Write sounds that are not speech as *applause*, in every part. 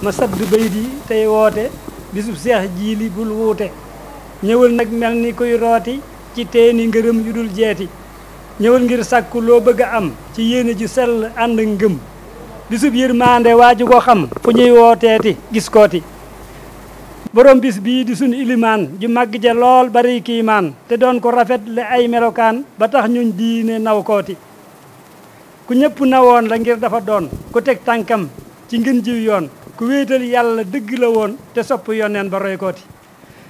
ma sadd bayit yi tey woote bisub seex jiili bul wuute ñëwal nag mel ni kuy rooti ci teeni ngërëm yu dul jeeti ñëwal ngir sàkku loo bëgg am ci yéene ji sell ànd ngëm bisub yërmande waa ji ko xam fu ñuy wooteeti gis kooti borom bis bii di sunu ilimaan ju màgg ja lool bari kiimaan te doon ko rafet le ay melokaan ba tax ñun diine naw kooti ku ñëpp nawoon la ngir dafa doon ku teg tànkam ci ngën jiw yoon ku wéetal yàlla dëgg la woon te sopp yonneen ba roy kooti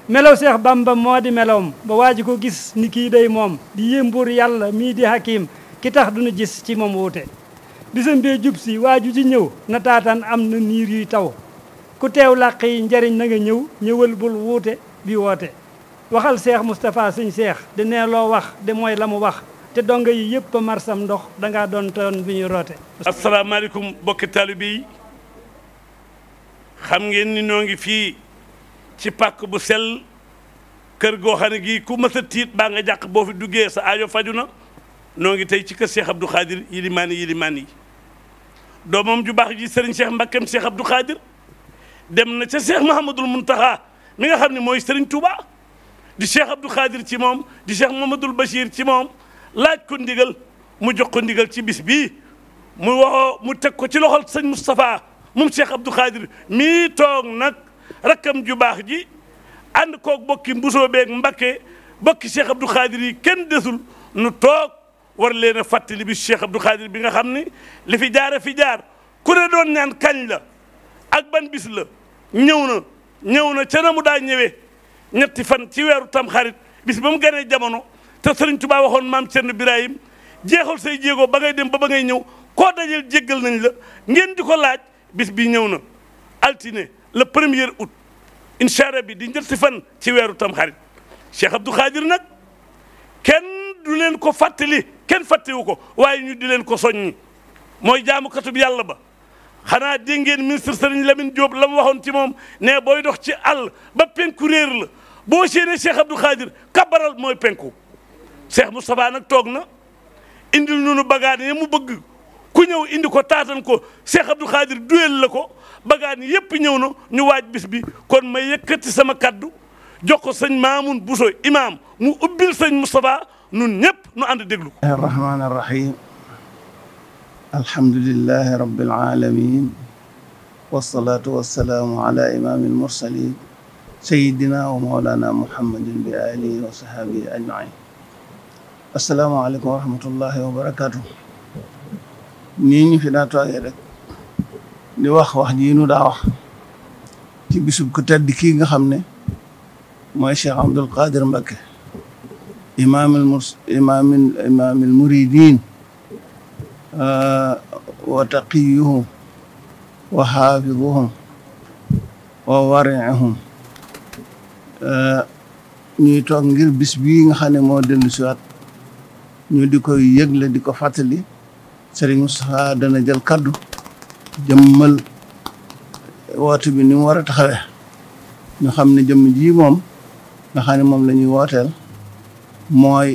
melaw seex bamba moo di melawam ba waa ji ko gis ni kii day moom di yëmbuur yàlla mii di hakiim ki tax duñu gis ci moom wuute bisam bee jub si waaju ci ñëw na taataan am na niir yuy taw ku teew làq yi njariñ na ñëw ñëwal bul wuute bi woote waxal seex mustafa suñ seex di nee loo wax de mooy la mu wax te donga yi yëpp a marsam ndox danga doon toon bi roote asalaamaaleykum bokki taalibe yi xam ngeen ni noo ngi fii ci pàkk bu sel kër goo xam ne gii ku mës a tiit baa nga jàq boo duggee sa aajo faju na noo tey ci kër Cheikh Abdou Khadir yilimaan yi doo moom doomam ju baax ji sëriñ Cheikh Mbakkeem Cheikh Abdou Khadir dem na ca Cheikh Mahamadul Muntaha mi nga xam ne mooy sëriñ Touba di Cheikh Abdou Khadir ci moom di Cheikh Mamadul Bachir ci moom laaj ko ndigal mu jox ko ndigal ci bis bii mu teg ko ci loxol sëñ Moustapha moom Cheikh Abdou Khadir mi tok nak rakam ju bax ji ànd ko bokki be ak mbakke bokki Cheikh Abdou Khadir ken desul nu tok war leena fatali bi Cheikh Abdou Khadir bi nga xamni li fi jaara fi jaar ku ne don ñaan kagn la ak ban bis la ñewna ñewna ci na mu da ñewé ñetti fan ci wéru tam xarit bis ba gëné jamono te serigne touba waxon mam cheikh ibrahim jeexal say jéego ba ngay dem ba ba ngay ñëw ko dajel jéggal nañ la ngeen diko laaj bis bi ñëw na altine le premier août incha allah bi di njëtti fan ci weeru tamxarit Cheikh Abdou Khadir nag kenn du leen ko fàttali kenn fàttewu ko waaye ñu di leen ko soññi mooy jaamukatub yàlla ba xanaa dégg ngeen ministre Serigne Lamine Diop la mu waxoon ci moom ne booy dox ci àll ba penku réer la boo séenee Cheikh Abdou Khadir kabaral mooy penku Cheikh Moustapha nag toog na indi nunu bagaan ya mu bëgg كنيو إندي كتاتن كو شيخ عبد الخادر دويل لكو بغان يب نو ني واج بيس بي كون ما يكتي سما كادو جوكو سن مامون بوسو إمام مو أبيل سن مصطفى نو نيب نو عند ديغلو الرحمن الرحيم الحمد لله رب العالمين والصلاة والسلام على إمام المرسلين سيدنا ومولانا محمد بآله وصحبه أجمعين السلام عليكم ورحمة الله وبركاته nii ñu fi daa toogee rek di wax wax ji nu daa wax ci bisub ku tedd kii nga xam ne mooy Cheikh Abdul Qadir Mbakke imaamil murs imaamil imaamil muridin wa taqiyuhum wa xaafiduhum wa wariihum ñuy toog ngir bis bii nga xam ne moo dellu siwaat ñu di koy yëgle di ko fàttali Serigne Moustapha dana jël kaddu jëmmal woote bi ni mu war a taxawee ñu xam ne jëmm ji moom nga xam ne moom la ñuy wooteel mooy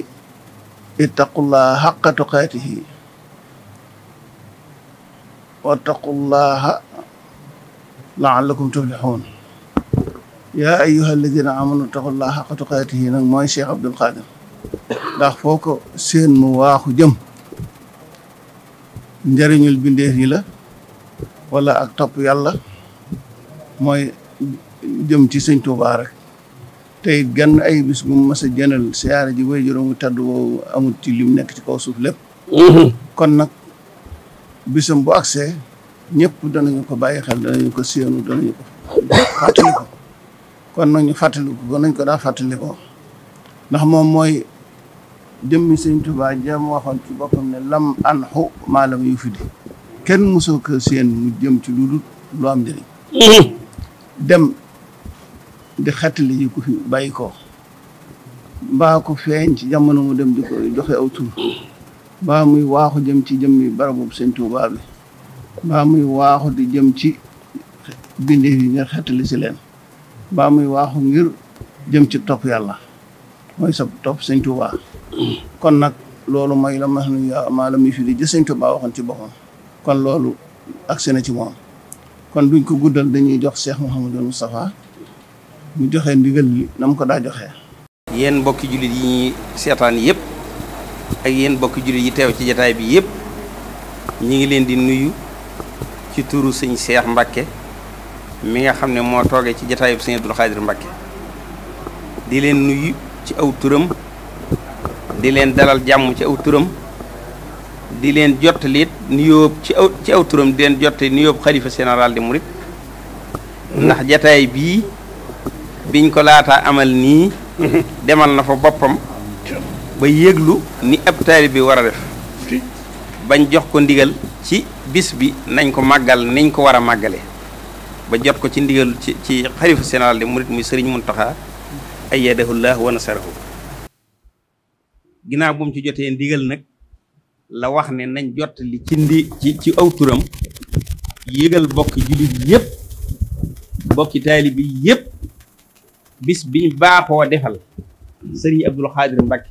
ittaqullaha haqqa tuqaatihi wattaqullaha laallakum tuflixuun yaa ayuha alladina amanu ittaqullaha haqqa tuqaatihi nag mooy Cheikh Abdul Qadir ndax foo ko seen mu waaxu jëm njëriñul bindeef yi la walla ak topp yàlla mooy jëm ci sëñ Tuubaa rek tey gan ay bis bu mu mas jënal siyaare ji way juróomu tàddu woowu amul ci lim nekk ci kaw suuf lépp mhm. kon nag bisam bu agsee ñëpp danañu ko bàyyi xel danañu ko séenu danañu ko fàttaliku kon nag ñu fàttaliku ko nañ ko daa fàttalikoo ndax moom mooy jëm sëñ Tuubaa jam waxoon ci boppam ne lam an xu maalam yu fidi kenn mosoo ko seen mu jëm ci lu dul lu am njëriñ dem di xettali yi ko fi bàyyi ko mbaa ko feeñ ci jamono mu dem di ko joxe aw tur mbaa muy waaxu jëm ci jëm barabu sëñ Tuubaa bi mbaa muy waaxu di jëm ci bindee yi ngir xettali si leen baa muy waaxu ngir jëm ci topp yàlla mooy sa topp sëñ Tuubaa kon nag loolu mooy la max nu maa la muy firi di sëñ ba waxoon ci boppam kon loolu agsi na ci moom kon duñ ko guddal dañuy jox Cheikh Mouhamadul Moustapha mu joxe ndigal li na mu ko daa joxe. yéen mbokki jullit yi ñuy seetaan yëpp ak yéen mbokki jullit yi teew ci jataay bi yëpp ñi ngi leen di nuyu ci turu sëñ Cheikh Mbacké mi nga xam ne moo toogee ci jataayub sëñ Abdou Khadre Mbacké di leen nuyu ci aw turam. di leen dalal jàmm ci aw turam di leen jottaliit nuyóob ci aw ci aw turam di leen jottali nuyóob xalifa général di murit ndax jataay bii biñ ko laata amal nii *laughs* demal na fa boppam ba yëglu ni ab taalibe bi war a def bañ jox ko ndigal ci bis bi nañ ko màggal niñ ko war a màggale ba jot ko ci ndigal ci ci xalifa général di murit muy sëriñ Muntaxa ayyadahu llah wa nasarahu ginaaw bu ci jotee ndigal nag la wax ne nañ jot li ci ndi ci ci aw turam yëgal bokki jullit yëpp bokki taalibi yëpp bis biñ baaxoo defal sëriñ Abdul Xaadir Mbàkke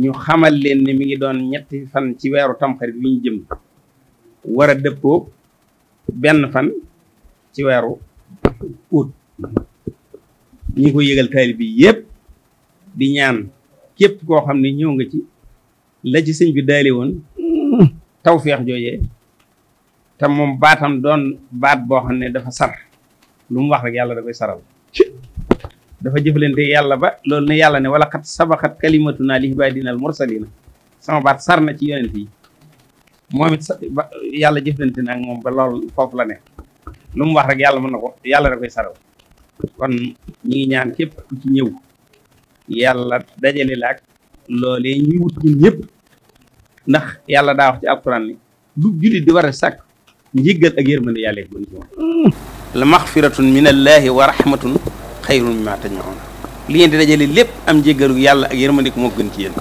ñu xamal leen ne mi ngi doon ñetti fan ci weeru tam wi ñu jëm war a dëppoo benn fan ci weeru ut ñi ko yëgal taalibi yépp di ñaan képp koo xam ne ñëw nga ci la ci sëñ bi daali woon feex jooje te moom baatam doon baat boo xam ne dafa sar lu mu wax rek yàlla da koy saral dafa jëflante yàlla ba loolu ne yàlla ne wala xat sabaxat kalimatuna li ibadina al mursalina sama baat sar na ci yonent yi moom it yàlla jëflante na moom ba foofu la ne lu mu wax rek yàlla mën na yàlla da saral kon ñi ngi ñaan képp ci ñëw yalla dajale lak lolé loolee ñuy wut ñun ñep ndax yalla da wax ci alquran ni du julli di wara sak sàkk ak yermane yalla ko ñu ci moom la maxfiratun min allahi wa rahmatun xayrun mimma tajmaun li ñi di dajale lépp am njëggalu yalla ak yermane ko mo gën ci yeen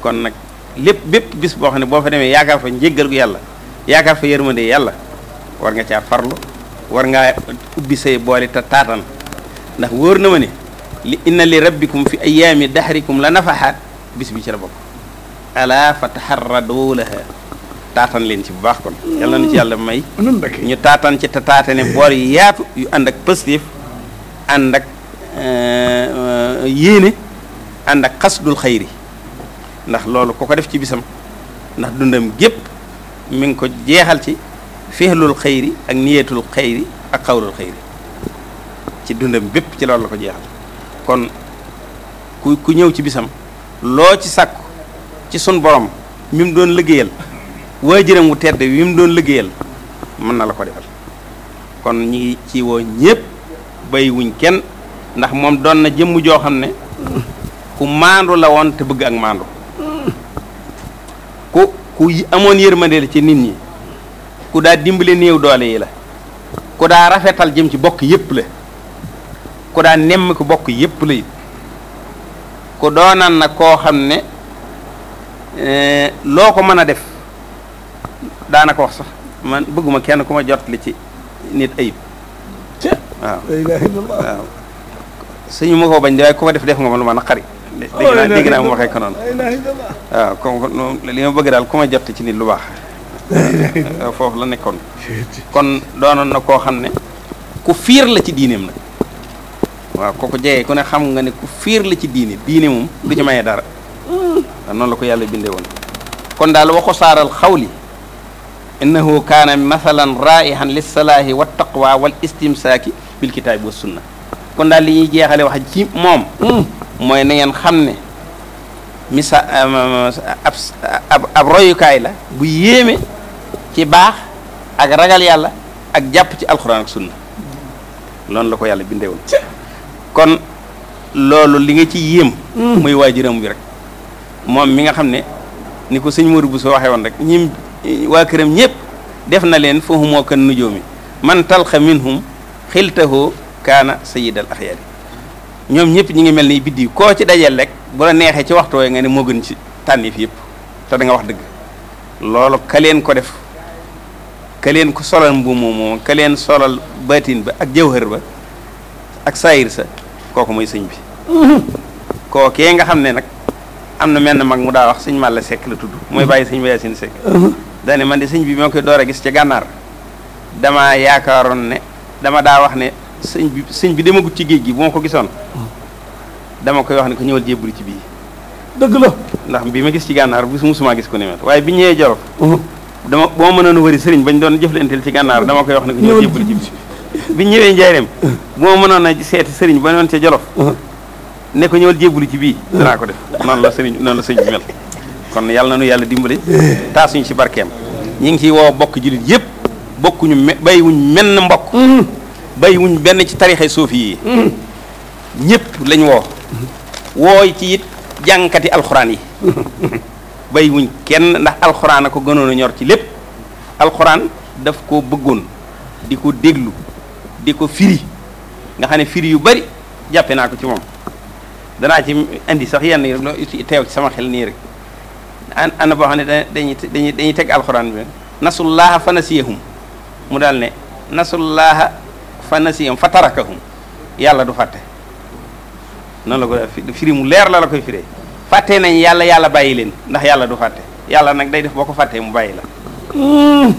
kon nak lepp bepp bis bo xam bo fa demee yaaka fa njëggalu yalla yaaka fa yermane yalla war nga caa farlu war nga ubbi say boole ta tatan ndax woor na ma ni إن لربكم في أيام دهركم لنفحات بس بيشرب ألا فتحردوا لها تاتان لين سي باخ كون يالا نتي يالا ماي ني تاتان سي تاتان بور ياب يو اندك بوزيتيف اندك ا يينه اندك قصد الخير ناخ لولو كوكو ديف سي بيسام ناخ دوندم جيب مينكو كو جيهال سي فهل الخير اك نيه الخير اك قول الخير سي دوندم بيب سي لولو كو جيهال kon ku ku ñëw ci bisam loo ci sàkku ci sun borom mi mu doon liggéeyal waajuram wu tedd wi mu doon liggéeyal mën na la ko defal kon ñi ngi ci woo ñépp bay wuñ kenn ndax moom doon na jëmm joo xam ne ku maandu la woon te bëgg ak maandu ku ku amoon yér yërmande la ci nit ñi ku daa dimbale néew doole yi la ku daa rafetal jëm ci bokk yépp la ku daan nemm ko bokk yépp la it ku doonan nag koo xam ne eh, loo ko mën a def daanaka wax sax man bëgguma kenn ku ma jot li ci nit ayib waaw waaw suñu ma ko bañ de waaye ku ma def def nga ma lu ma naqari oh, dégg naa mu waxee ko noonu waaw comme li ma bëgg daal ku ma jot ci nit lu baax foofu la nekkoon kon doonoon na koo xam ne ku fiir la ci diineem nag waaw kooku jeyee ku ne xam nga ne ku fiir la ci diine diine moom du ci maye dara ndax noonu la ko yàlla bindee woon kon daal waxu saaral xawli innahu kaana mathalan raihan lissalaahi wa taqwa wal istimsaaki bil kitaabi wa sunna kon daal li ñuy jeexale wax ci moom mooy na ngeen xam ne misa ab ab ab royukaay la bu yéeme ci baax ak ragal yàlla ak jàpp ci alxuraan ak sunna noonu la ko yàlla bindee woon kon loolu li nga ci yéem. Mm. muy waajuram bi rek moom mi nga xam ne ni ko sëñ Modou Bousso waxee woon rek ñim waa këram ñëpp def na leen foofu moo kan nujoo mi man talxa minhum xiltahoo kaana sayidal axyaari ñoom ñëpp ñu ngi mel ni biddi koo ci dajeel rek bu la neexee ci waxtu nga ne moo gën ci tànniif yëpp te danga wax dëgg loolu ka leen ko def ka ko solal mbuum moom ka solal baatin ba ak jawhar ba ak saayir sa kooku mooy sëñ bi kookee nga xam ne nag am na mel ne mag mu daa wax sëñ la Seck la tudd mooy bàyyi sëñ Baye Sine Seck daane man de sëñ bi moo koy door a gis ca gànnaar dama yaakaaroon ne dama daa wax ne sëñ bi sëñ bi demagut ci géej gi bu ma ko gisoon dama koy wax ne ko ñëwal jébbali ci bii dëgg la ndax bi ma gis ci gànnaar bis musuma gis ko ni mel waaye bi ñëwee Jolof dama boo mënoon a wëri sëriñ bañ doon jëflanteel ci gànnaar dama koy wax ne ko ñëwal jébbali ci bii bi ñëwee mo moo na ci sét sëriñ ba ñon ci jolof ne ko ñëwul jébbalu ci bi dara ko def noonu la sëriñ non la sëriñ bi mel kon yalla nañu yalla yàlla dimbali taasuñu ci barkem ñi ngi ciy woo bokk julit yépp bokkuñu me bayiwuñ men mbokk bayiwuñ ben ci tarixa soufi yi ñépp lañ wo wooy ci yit jankati alquran yi bayiwuñ kenn ndax alquran ko gënoon ñor ci lépp alquran daf ko bëggoon diko déglu di ko firi nga xam ne firi yu bari jàppe naa ko ci moom danaa ci indi sax yenn yi rek teew ci sama xel nii rek an ana boo xam ne dañuy dañuy dañuy teg alxuraan bi nasullaaha fa nasiyahum mu daal ne nasullaaha fa nasiyahum fa tarakahum yàlla du fàtte noonu la ko firi mu leer la la koy firee fàtte nañ yàlla yàlla bàyyi leen ndax yàlla du fàtte yàlla nag day def boo ko fàttee mu bàyyi la hmm.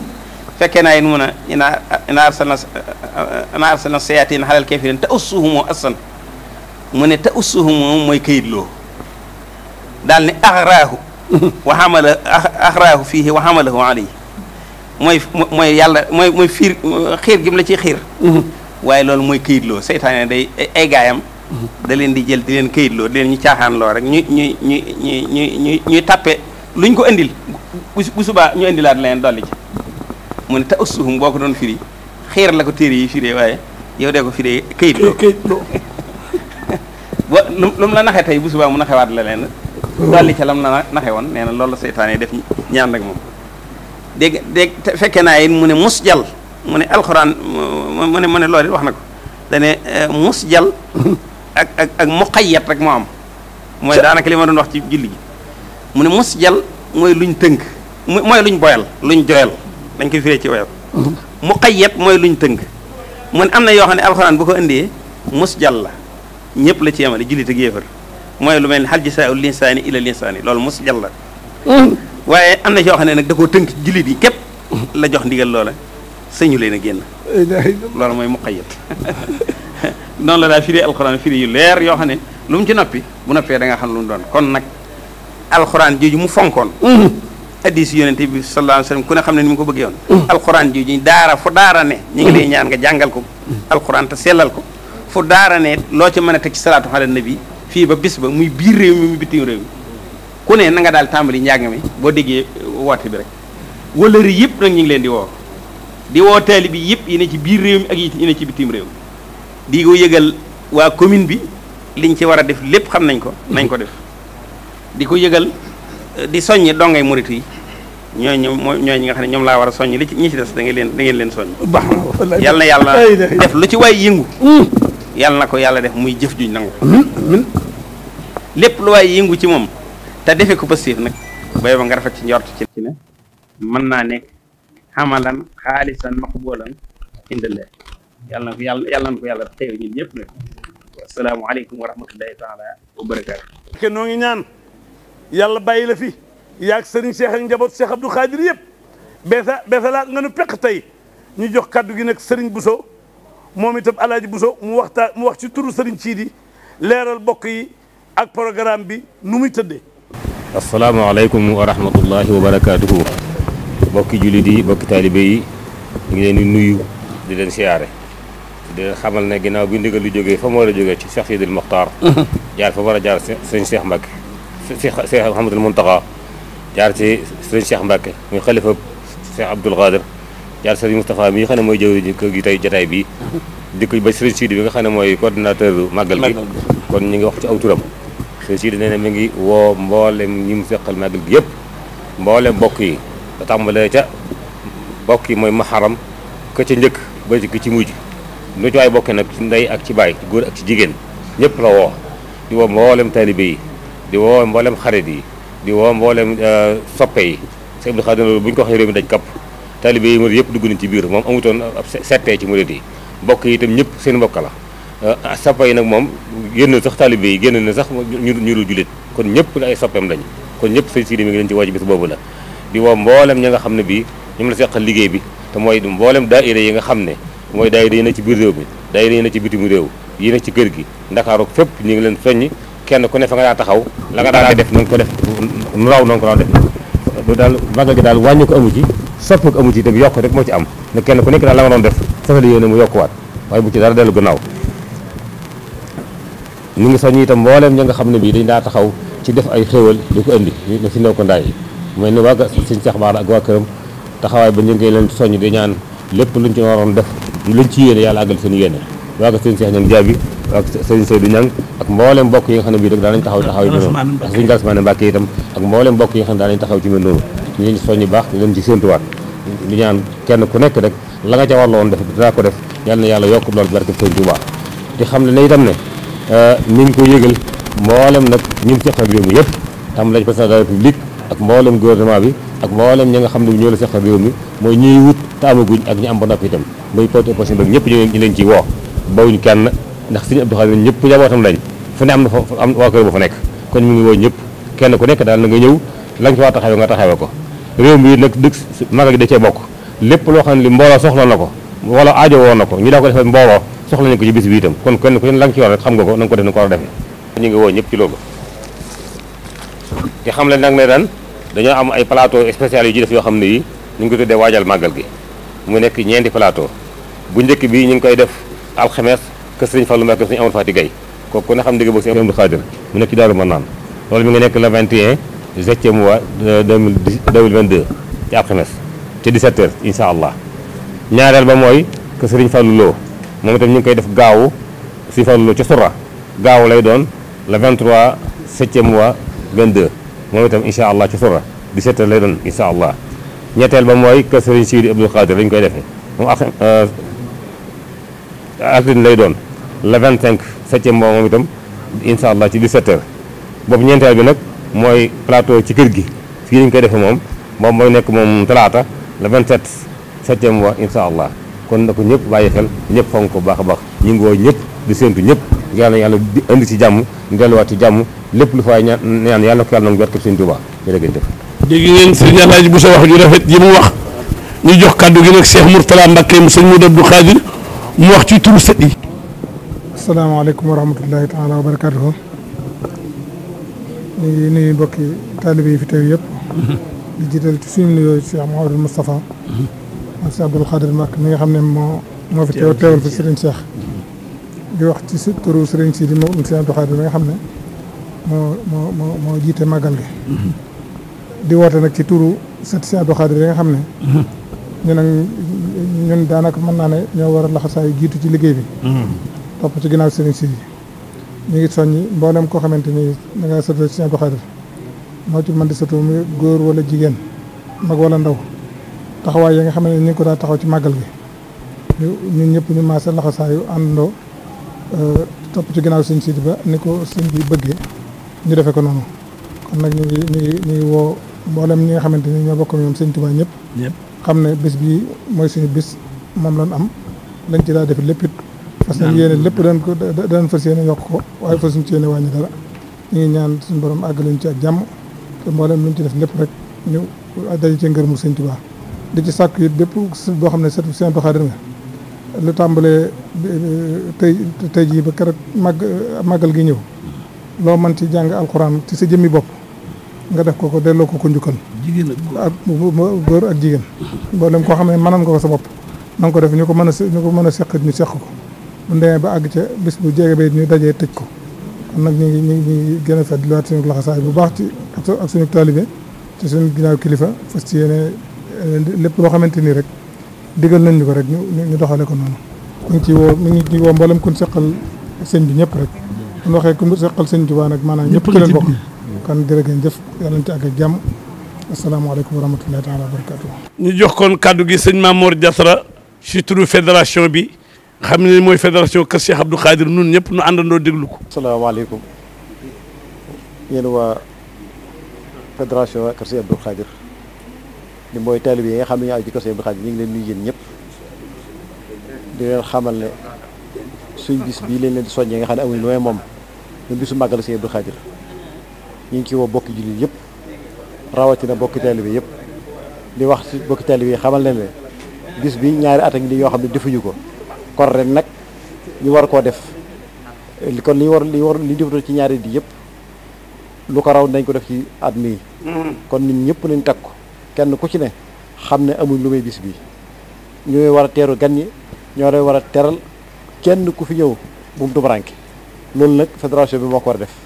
fekkee naa yit mun a ina ina ana arsalna sayatin xalal kafirin te ussuhumoo assan mu ne te ussuhumoo mooy këyitloo daal ne axraahu wa xamala axraahu fiihi wa xamalahu alayhi mooy mooy yàlla mooy mooy fiir xiir gi la ciy xiir waaye loolu mooy këyitloo seytaane day ay gaayam da leen di jël di leen këyitloo di leen ñu caaxaan loo rek ñu ñu ñuy ñu ñu ñuy tàppe luñ ko indil bu subaa ñu indilaat leen dolli ci mu ne te ussuhum boo ko doon firi xeer la ko téere yi firee waaye yow dee ko fire kayit loo kayit loo ba *laughs* lu mu la naxee tey bu subaa mu naxewaat la leen mm. dolli ca la naxe woon nee na lool la seytaane def ñaan ak moom dégg dégg fekkee naa yéen mu ne mus jal mu ne alxuraan mu ne mu ne loolu wax na ko eh, mus jal *laughs* ak ak ak rek moo mooy daanaka li ma doon wax ci julli mu ne mus jal mooy luñ tënk mooy luñ boyal luñ joyal dañ koy firee ci woyal mm-hmm. muqayyad mooy luñ tënk mun am na yoo xam ne alxuraan bu ko indee mus jàll la ñëpp la ci yemale jullit ak yéefar mooy lu mel ni xal jisaa ul linsaani ila linsaani loolu mus jàll la waaye am na yoo xam ne nag da koo tënk jullit yi képp la jox ndigal loola sëñu leen a génn loolu mooy muqayyad noonu la daa firi alxuraan firi yu leer yoo xam ne lu mu ci noppi bu noppee da nga xam lu mu doon kon nag alxuraan jooju mu fonkoon addis yonent bi sallallahu alayhi ku ne xam ne ni mu ko bëgg yoon mm. alquran ji ñu daara fu daara ne ñu ngi lay mm. ñaan nga jàngal ko mm. alquran te sellal ko fu daara ne loo ci mën a teg ci salaatu ala bi fii ba bis ba muy biir réew mi muy bitim réew mi ku ne nanga daal tàmbali njàng mi boo déggee woote bi rek wëlëri yëpp nag ñu ngi leen di woo di woo taalibe bi yëpp yi ne ci biir réew mi ak yi ne ci bitim réew mi di ko yëgal waa commune bi liñ ci war a def lépp xam nañ ko nañ ko def di ko yëgal di soññi dongay murit ñooñu mooy ñi nga xam ñoom laa war a soññ li ci ñi ci des da ngeen leen da soññ. baax na yal na yàlla def lu ci waay yëngu. Hmm. yal na ko yàlla def muy jëf juñ nangu. lépp lu waay yëngu ci moom te defe ko positif nag bay ba nga rafet ci njort ci na man naa ne xamalan xaalisan maqbulan indillah yàlla na ko yàlla yàlla na ko yàlla teew ñun ñëpp nag asalaamaaleykum wa rahmatullahi taala wa barakaatu. que noo ñaan yàlla bàyyi la fi. yaa sëriñ Cheikh ak njaboot Cheikh Abdou Khadir yëpp beesa beesalaat nga nu peq tey ñu jox kaddu gi nag sëriñ Bousso moom itam alaaji Bousso mu waxtaa mu wax ci turu sëriñ Siidi leeral bokk yi ak programme bi nu muy tëddee asalaamaaleykum wa rahmatullahi wa barakaatuhu bokki jullit yi bokki taalibe yi ñu ngi leen di nuyu di leen siyaare di leen xamal ne ginnaaw bi ndigal lu jógee fa mu war a jógee ci Cheikh Sidil Mokhtar jaar fa war a jaar sëñ seex Mbacke Cheikh Mouhamadul Mountakha jaar ci sëriñ Cheikh Mbacke muy xalifa Cheikh Abdoul Khadir jaar sëriñ Moustapha mi nga xam ne mooy jëwriñu kër gi tey jotaay bii di ba sëriñ Sidi bi nga xam ne mooy coordonnateur màggal gi kon ñu ngi wax ci aw turam sëriñ Sidi nee na ngi woo mboolem ñi mu feqal màggal gi yëpp mboolem bokk yi da tàmbalee ca bokk yi mooy maharam ka ca njëkk ba ci ci mujj nu ci waay nag ci ndey ak ci baay góor ak ci jigéen ñëpp la woo di woo mboolem taalibe yi di woo mboolem xarit yi di woo mboolem euh, soppe yi Sëñ Abdou Khadre loolu bu ñu ko waxee réew mi daj kapp taalibe yi murid yëpp dugg nañ ci biir moom amutoon ab settee ci murid yi mbokk yi itam ñëpp seen mbokk la euh, ah, soppe yi nag moom génn sax taalibe yi génn na sax ñu ñu dul jullit kon ñëpp ay soppeem lañ kon ñëpp sëñ Sidi mi ngi leen ci woo bi bis boobu la di woo mboolem ñi nga xam ne bii ñoom la seqal liggéey bi te mooy daa daayira yi nga xam ne mooy daayira yi ne ci biir réew mi daayira yi ne ci bitimu réew yi ne ci kër gi Ndakaaru fépp ñu ngi leen soññ kenn ku ne fa nga daa taxaw la nga daa def noonu ko def nu raw noonu ko daan def lu daal màggal daal wàññi ko amu ci soppi ko amu ci te yokk rek moo ci am ne kenn ku nekk daal doon def safali yéene mu yokkuwaat waaye bu ci dara dellu gannaaw ñu ngi soññ itam mbooleem ña nga xam ne bii dañ daa taxaw ci def ay xéwal di ko indi na si new ko ndaay mel ni waa sëñ Cheikh Bara ak waa këram taxawaay ba ñu ngi leen soññ di ñaan lépp luñ ci waroon def luñ ci yéene yàlla àggal seen yéene waa ko sëriñ Cheikh Niang Diaby ak sëriñ Seydou Niang mboolem bokk yi nga xam ne bii rek daanañ taxaw taxaw yi noonu ak sëriñ Galasmaane Mbàkke itam ak mboolem bokk yi nga xam ne daanañ taxaw ci mel noonu ñu leen soññi baax ñu leen ñaan kenn ku nekk rek la nga ca warloon def dinaa ko def yal na yàlla yokk loolu barke sëriñ Tuubaa di xam ne ne itam ne euh, ni ñu ko yëgal mboolem nag ñun seqal réew mi yëpp tam lañ président de la ak mboolem gouvernement bi ak mboolem ñi nga xam ne ñoo la seqal réew mi mooy ñuy wut ak ñu am ba noppi itam muy porte opposition bi ñëpp ñu leen ci woo bawuñu kenn ndax sëñ Abdou Khadir ñëpp njabootam lañ fu ne am mu ngi woo ñëpp kenn ku nekk daal na nga ñëw la nga fa taxawee nga taxawee ko réew nag dëkk magal da bokk lépp loo xam ne li mbooloo soxla na ko wala aajo woon na ko ñu daa ko defal mbooloo soxla nañ ko ci bis bi itam kon kenn ku ne la nga ci war rek xam nga ko na nga ko a defee te xam ne nag ne ren dañoo am ay plateau spécial yu ci def yoo xam ne yi ñu ngi ko de waajal màggal gi mu nekk ñeenti plateau bu njëkk bi ñu ngi koy def alxames kër sëriñ Fallou Mbacké sëriñ Amadou Fati Gaye kooku ku ne xam digg boog sëriñ Abdou Khadir mu nekk ci Daaru Manaan loolu mi ngi nekk le 21 septième mois 2022 ci alxames ci 17 heures incha allah ñaareel ba mooy kër sëriñ Fallou Lo moom itam ñu ngi koy def gaawu si Fallou Lo ci sura gaawu lay doon le 23 septième mois 22 moom itam incha allah ci sura 17 heures lay doon incha allah ñetteel ba mooy kër sëriñ Sidi Abdou Khadir lañ koy defee moom ak avril lay doon le 25 septième boobu moom itam incha allah ci 17h boobu ñeenteel bi nag mooy plateau ci kër gi fii lañ koy defee moom moom mooy nekk moom talaata le 27 septième wa incha allah kon na ko ñëpp bàyyi xel ñëpp fonk ko baax a baax ñu ngi woo ñëpp di séntu ñëpp yàlla yàlla di indi ci jàmm delluwaat ci jàmm lépp lu fay ñaan ñaan yàlla ko yàlla nangu barkeb Sëñ Tuubaa jërëjëf. dégg ngeen sëñ sa wax ju rafet jox kàddu gi nag Cheikh Mourtala Mbacké mu sëñ Modou Abdou السلام عليكم ورحمة الله تعالى وبركاته. ني بوكي طالبي في تيوب دي جيتال تسيم نيو سي عمر المصطفى سي عبد القادر مك مي خامني مو مو في تيوب تيوب في سيرين شيخ دي وقت سي تورو سيرين سي دي مو سي عبد القادر مي خامني مو مو مو مو جيتا ماغال دي دي وات نك سي تورو سي عبد القادر مي خامني ني نك ñun danaka mën na né ñoo war la xassay jiitu ci liggéey bi hmm top ci ginaaw sëriñ ci ñi ngi soñi mbolam ko xamanteni da nga sëriñ ci ko xadir mo ci mën di sëtu muy goor wala jigen mag wala ndaw taxaway yi ya nga xamanteni ñi ko da taxaw ci magal gi ñun ñëpp ñu la xassay ando euh top ci ginaaw sëriñ ci ba ni ko sëriñ bi bëgge ñu défé ko noonu kon nak ñi ñi ñi wo mbolam ñi nga xamanteni ni ñoo bokk ñoom sëriñ Tuubaa ñëpp xam ne bi moy suñu bés mom lañ am lañ ci da def lepp it fas nañ yéene lépp dañ ko dañ fa seen yok ko way fa suñu yéene wàññi dara ñi ñaan suñu borom àggalañ ci ak jamm te mo leen luñ ci def lepp rek ñu adal ci ngeer mu señtu ba di ci sakku it bépp bo xam ne sëtu sëñ nga lu tambalé eh, tay tay ji ba kër mag magal gi ñew lo man ci jang alcorane ci sa jëmi bop nga def ko ko delloo ko ko njukkal. jigéen ak góor ak jigéen. mboolem koo xam ne mënoon nga ko sa bopp na ko def ñu ko mën a ñu ko mën a seq ñu seq ko bu demee ba àgg ca bis bu jege bee ñu dajee tëj ko nag ñu ngi ñu ngi gën a fàttaliwaat suñu laxasaay bu baax ci ak suñu taalibe ci suñu ginnaaw kilifa fas ci yéene eh, lépp loo xamante ni rek digal nañ ñu ko rek ñu ñu doxale ko noonu. ñu ngi ciy woo mi ngi ciy woo mboolem kun seqal sëñ bi ñëpp rek. bu ñu waxee kun seqal sëñ Tuubaa nag maanaam ñëpp ci leen bokk kon dira ngeen jëf yalante ak assalamu alaykum wa rahmatullahi taala wa barakatuh ñu jox kon kaddu gi seigne Mamour jassara ci turu fédération bi xam ne fédération Cheikh Abdou Khadir nun ñep ñu andando deglu ko. alaykum yéen wa fédération Kër Cheikh Abdou Khadir di moy talib yi nga xam ne Cheikh Abdou Khadir ñi ngi leen nuyu ñep di leen xamal ne suñu bis bi leen leen di nga xam ne ñu bisu magal Cheikh Abdou Khadir ñu ngi ci woo bokki jullit yëpp rawatina bokki taalibe yëpp di wax ci bokki taalibe yi xamal leen ne bis bi ñaari at a yoo xam ne defuñu ko nag ñu war koo def kon li war li war li defutoon ci ñaari di yëpp lu ko raw nañ ko def ci at mii kon ñun ñëpp nañ ko kenn ku ci ne xam ne amuñ lu may bis bi ñooy war a teeru gan ñi ñoo lay war a teral kenn ku fi ñëw bu mu tumuranke loolu nag fédération bi moo ko war a def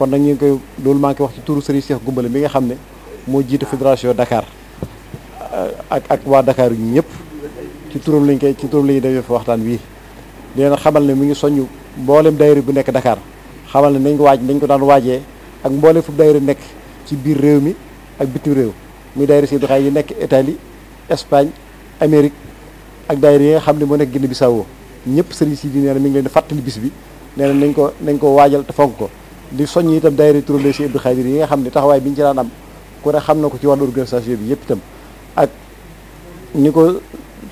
kon nak ñu ngi koy loolu ma ngi wax ci touru Serigne Cheikh gumbale mi nga xamne mo jitu federation Dakar euh, ak ak wa Dakar ñepp ci turam lañ koy ci turam la ñuy defee fa waxtaan wii di xamal ne mi ngi soñu mbolem daayira bu nek Dakar xamal ne nañ ko waaj nañ ko daan waajee ak mbolé fu daayira nek ci biir réew mi ak bitim réew muy daayira Seydou Xaay yi nek italy Espagne amerique ak daayira yi nga xamne mo nek nekk Guinée Bissau ñëpp sëriñ si di nee mi ngi leen fatali bis bi neena nañ ko nañ ko waajal te fonk ko di soññ itam daayira turandoo si Abdou Khadir yi nga xam ne taxawaay bi ñu ci daan am ku ne xam na ko ci wàllu organisation bi yëpp itam ak ni ko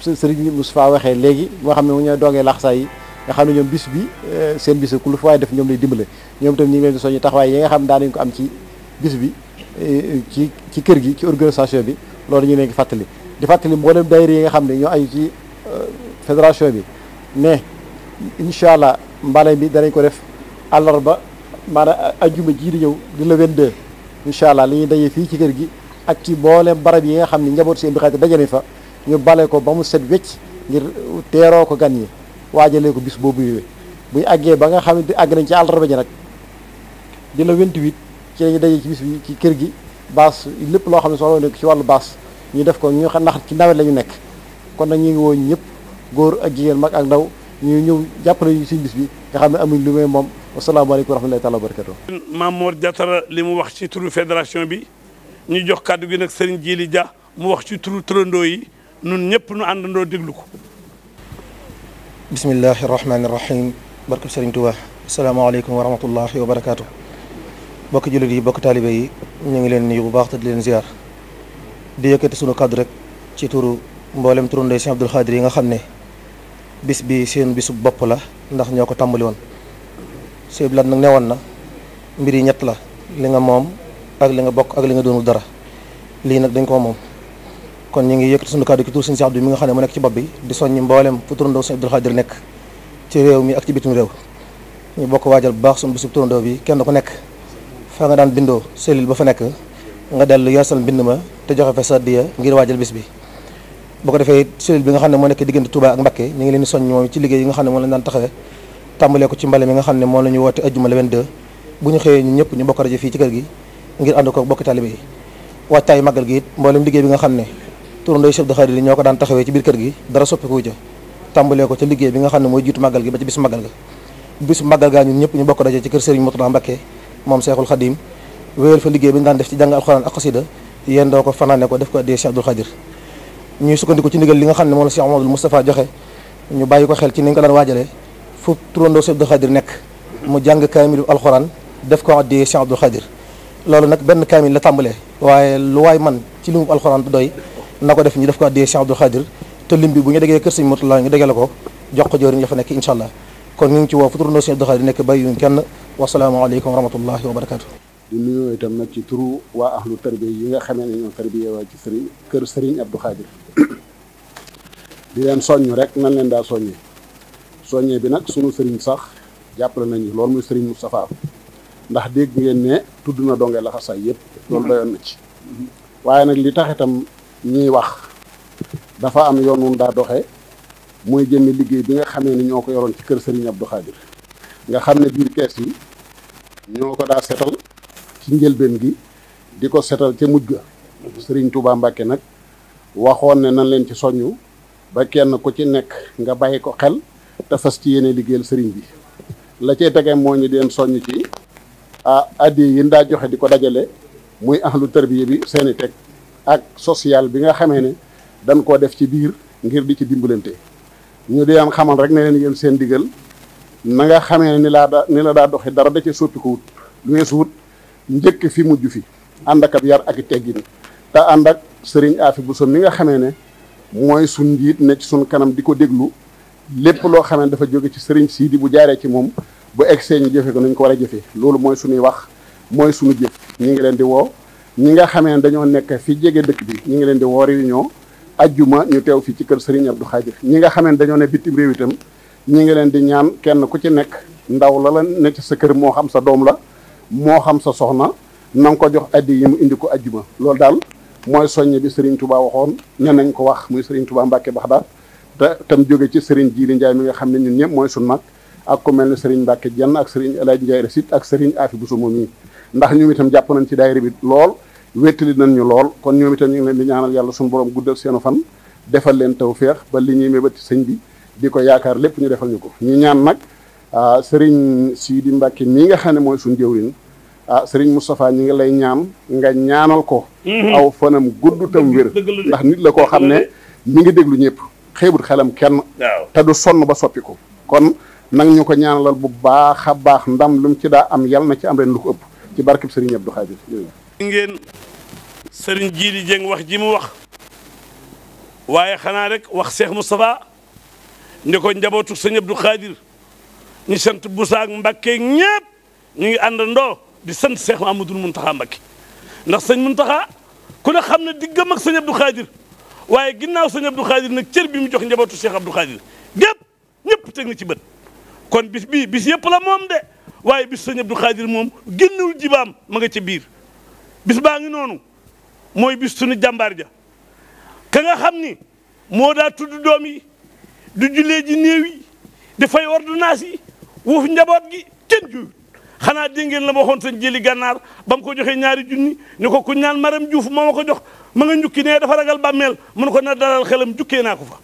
sëriñ Moustapha waxee léegi moo xam ne mu ñooy doongee laxsaa yi nga xam ne ñoom bis bi eh, seen bis ku lu fa def ñoom lay dimbale ñoom itam ñu ngi leen di taxawaay nga xam daanañ ko am ci bi eh, ci ci kër gi ci organisation bi loolu ñu leen fàttali di fàttali mboolem daayira yi nga xam ne ñoo aju ci eh, fédération bi mais incha allah mbale bi danañ ko def àllarba maanaam ajjuma jii di ñëw di le 22 incha allah li ñuy daje fii ci kër gi ak ci mboolem barab yi nga xam ne njaboot seen bi xaati daje nañ fa ñu bale ko ba mu set wecc ngir teeroo ko gan yi waajalee ko bis boobu yooyu ñu àggee ba nga xamante àgg nañ ci àllarba ji nag di le 28 ci lañu daje ci bis ci kër gi baas lépp loo xam ne soxla nekk ci wàllu baas ñu def ko ñu ndax ci nawet la ñu nekk kon nag ñu ngi woo ñëpp góor ak jigéen mag ak ndaw ñu ñëw jàppale ñu suñ bis bi nga xam ne amuñ lu may moom wasalaamaaleykum wa rahmatullahi taala wa barakatu Maam Mor Diatara li mu wax ci turu fédération bi ñu jox kàddu gi nag Serigne Djili ja mu wax ci turu turandoo yi nun ñëpp nu àndandoo déglu ko bismillahi rahmaani rahim barkab Serigne Touba asalaamaaleykum wa rahmatullahi wa barakatu bokk jullit yi bokk taalibe yi ñu ngi leen nuyu bu baax te di leen ziar di yëkkati sunu kàddu rek ci turu mboolem turandoo yi Serigne Abdoul Khadir yi nga xam ne bis bi seen bisu bop la ndax ñoko tambali won woon sëñ nak ne na mbir yi ñett la li nga mom ak li nga bok ak li nga doonul dara li nak dañ ko mom kon ñi ngi yëkkati sunu kaddu ki tour seigne Cheikh Abdou mi nga xane mo nek ci bop bi di soññi mbollem fu ndo seigne Abdou khadir nek ci rew mi ak ci bitum rew ñi bok waajal baax sunu bisu ndo bi kenn ko nek fa nga daan bindo selil ba fa nek nga ma te joxe fa sa ngir waajal bis bi boko defé defee cellule bi nga xamné mo nek nekk Touba ak Mbacké ñi ngi leen soñ ñoom ci liggéey yi nga xamné mo moo daan taxawé tambalé ko ci mbalé mi nga xamné mo lañu la aljuma le 22 bu ñu xëyee ñu ñëpp ñu bokk rajo fii ci kër gi ngir and ko bokk talibé waccay magal gi it liggéey bi nga xamné ne ndey chef de xarit yi ñoo daan taxawé ci biir kër gi dara soppi ko ja tambalé ko ci liggéey bi nga xamné ne jitu magal gi ba ci bis magal ga bis magal ga ñun ñëpp ñu bokk rajo ci kër Serigne Moutouba Mbacké mom Cheikhul Khadim wéyal fa liggéey bi nga daan def ci jang alcorane ak qasida yéen doo ko fanaane ko def ko addee Cheikh abdou Khadir ñuy sukkandiku ci ndigal li nga xam ne moom la Cheikh Amadou Moustapha joxe ñu bàyyi ko xel ci ni nga ko daan waajalee fu turandoo Cheikh Abdou nekk mu jàng kaamilu alxuraan def ko addi Cheikh Abdou Khadir loolu nag benn kaamil la tàmbalee waaye lu waay man ci limu alxuraan du doy na ko def ñu def ko addi Cheikh Abdou Khadir te bi bu ñu déggee kër sëñ Mourtala ñu dégale ko jox ko jëriñ ya fa nekk incha allah kon ñu ngi ci woo fu turandoo Cheikh Abdou Khadir nekk bàyyi yuñ kenn wasalaamaaleykum wa di nuyu itam nak ci turu wa ahlu tarbiya yi nga xamé ñoo tarbiya wa ci sëriñ kër sëriñ abdou khadir di len soñu rek nan len da soññee soñé bi nak suñu sëriñ sax jàppale nañu lool muy sëriñ moustapha ndax dégg ngeen né tuduna na la laxasaay yépp loolu mhm. doyoon na ci waye nak li tax itam ñi wax dafa am yoonu da doxé moy jëmmé liggéey bi nga xamé ni ñoko yoron ci kër sëriñ abdou khadir nga xamné biir kees yi ñoko da sétal ci njëlbeen gi di setal ci mujj ga sëriñ Touba mbake nak waxoon ne nan len ci soñu ba kenn ku ci nek nga bàyyi ko xel ta fas ci yene liggéeyal serigne bi la ci tege mo ñu deen soñu ci ah adi yi daa joxe di dajale muy ahlu tarbiya bi seeni tek, ak social bi nga xamee ne dañ bir, def ci bir ngir di ci dimbulante ñu di sen xamal rek ne leen seen digal na nga xamee ni la ni la daa doxee dara da ci soppi ko wut lu wut njëkk fi mujj fi ànd ak yar ak i teggin te ànd ak sëriñ Afi so mi nga xamee ne mooy suñ njiit ne ci kanam di ko déglu lépp loo xamee ne dafa jóge ci sëriñ Sidi bu jaaree ci moom bu egsee ñu jëfe ko nañ ko war a jëfee loolu mooy suñuy wax mooy suñu jëf ñi ngi leen di woo ñi nga xamee ne dañoo nekk fi jege dëkk bi ñi ngi leen di woo réunion ajjuma ñu teew fii ci kër sëriñ Abdou Khadir ñi nga xamee ne dañoo ne bitim réew itam ñi ngi leen di ñaan kenn ku ci nekk ndaw la la ne ci sa kër moo xam sa doom la moo xam sa soxna na nga ko jox addi yi mu indi ko ajjuma loolu daal mooy soññe bi Serigne Touba waxoon ne nañ ko wax muy Serigne tubaa Mbacke bax te tam jóge ci Serigne Jiili Ndiaye mi nga xam ne ñun ñëpp mooy suñ mag ak ku mel ne Serigne Mbacke Jenn ak sëriñ El Hadj Ndiaye ak Serigne Afi Bousso moom yi ndax ñoom itam jàpp nañ ci daayira bi lool wéttali nañ ñu lool kon ñoom itam ñu ngi leen di ñaanal yàlla suñu borom guddal seenu fan defal leen feex ba li ñuy mébati sëñ bi di ko yaakaar lépp ñu defal ñu ko ñaan nag sering ah, serigne sidi mbacke mi nga xamne moy sun jewrin ah serigne mustapha ñi nga lay ñaan nga ñaanal ko mhm. aw fanam guddu tam wër ndax nit la ko xamne mi nga deglu ñepp xébut xalam kenn ta du sonu ba ko kon nang ko ñaanal bu baaxa baax ndam lum ci da am yal na ci am ren lu ko upp ci barke serigne abdou khadir ngeen serigne jidi jeng wax ji mu wax waye xana rek wax cheikh moustapha ko njabotu serigne abdou khadir ñu sant Busaak Mbàkke ñëpp ñu ngi ndoo di sant Cheikh mun Mountakha Mbàkke ndax sëñ Mountakha ku ne xam ne diggam ak sëñ Abdou Khadir waaye ginnaaw sëñ Abdou Khadir nag cër bi mu jox njabootu Cheikh Abdou Khadir gépp ñëpp teg na ci bët kon bis bii bis yëpp la moom de waaye bis sëñ Abdou Khadir moom génnul jibaam ma nga ca biir bis baa ngi noonu mooy bis suñu jàmbaar ja ka xam ni moo daa tudd doom yi du jullee ji néew yi dafay ordonnance wuuf njaboot gi kenn juyut xanaa dégg ngeen la ma waxoon sëñ jëli gànnaar ba mu ko joxee ñaari junni ni ko ku ñaan maram juuf moo ma ko jox ma nga njukki ne dafa ragal bàmmeel mun ko na dalal xelam jukkee naa ko fa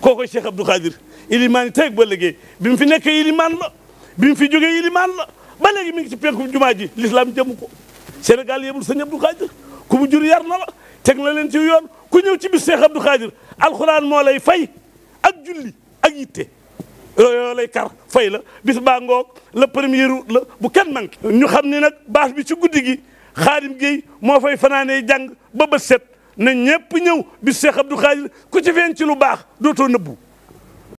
kookoy Cheikh Abdou Khadir ilimaan yi teeg ba léegi bi mu fi nekkee ilimaan la bi mu fi jógee ilimaan la ba léegi mi ngi ci penku jumaa ji l'islam jëmu ko Sénégal yebul sëñ Abdou Khadir ku mu jur yar na la teg na leen ci yoon ku ñëw ci bis Cheikh Abdou Khadir alxuraan moo lay fay ak julli ak yitte yooyu lay kar fay la bis baa ngoog le premier la bu kenn manqué ñu xam ne nag bâche bi ci guddi gi xaarim géey moo fay fanaanee jàng ba bët set na ñëpp ñëw bis Cheikh du Khadir ku ci feeñ ci lu baax dootoo nëbbu